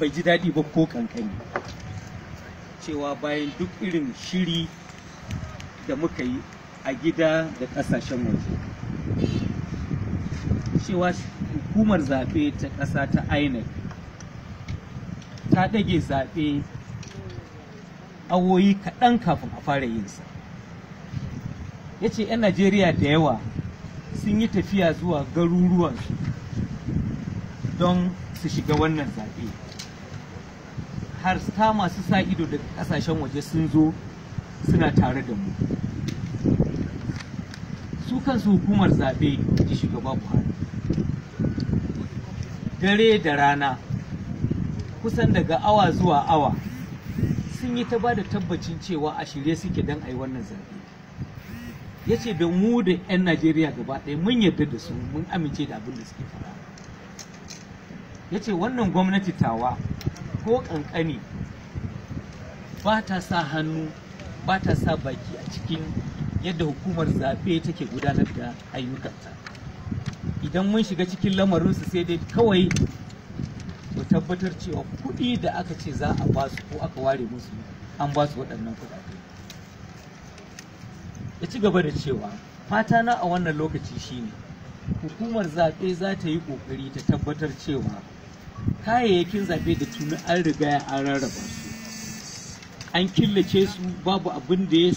bai ji daɗi ba ko kankani cewa bayan duk irin shiri da muka yi a gida da ƙasashen waje cewa hukumar zaɓe ta ƙasa ta inec ta ɗage zaɓe awoyi kaɗan kafin a fara yinsa ya ce 'yan najeriya da yawa sun yi tafiya zuwa garuruwansu don su shiga wannan zaɓe har ta masu sa ido daga kasashen waje sun zo suna tare da mu su kansu hukumar zaɓe ji shugaba buhari dare da rana kusan daga awa zuwa awa sun yi ta ba da tabbacin cewa a shirye suke don a yi wannan zaɓe ya ce da mu da 'yan najeriya gaba ɗaya mun yarda da su mun amince da abin da suke fara ya ce wannan gwamnati tawa ko ƙanƙani ba ta sa hannu ba ta sa baki a cikin yadda hukumar zaɓe take gudanar da ayyukanta idan mun shiga cikin lamarinsu sai dai kawai mu tabbatar cewa kuɗi da aka ce za a ba su ko aka ware musu an ba su waɗannan kuɗaɗe ya ci gaba da cewa fata na a wannan lokaci shine hukumar zaɓe za ta yi ƙoƙari ta tabbatar cewa kayayyakin zaɓe da tuni an riga an rarraba su an killace su babu abin da ya